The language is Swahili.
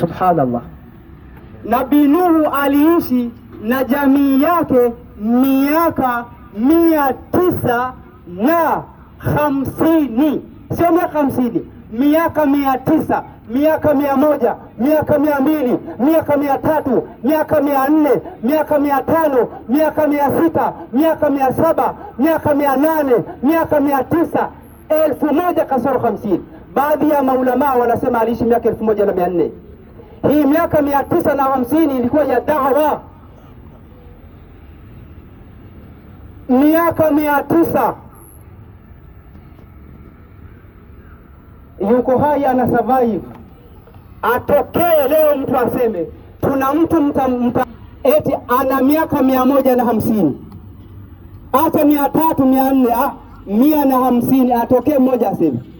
Subhanallah. Nabii Nuhu aliishi na jamii yake miaka mia tisa na hamsini, sio miaka hamsini, miaka mia tisa, miaka mia moja, miaka mia mbili, miaka mia tatu, miaka mia nne, miaka mia tano, miaka mia sita, miaka mia saba, miaka mia nane, miaka mia tisa, elfu moja kasoro hamsini. Baadhi ya maulamaa wanasema aliishi miaka elfu moja na mia nne. Hii miaka mia tisa na hamsini ilikuwa ya dawa, miaka mia tisa yuko hai ana survive. Atokee leo mtu aseme tuna mtu mta, mta, eti ana miaka mia moja na hamsini hata mia tatu mia nne ah, mia na hamsini atokee mmoja aseme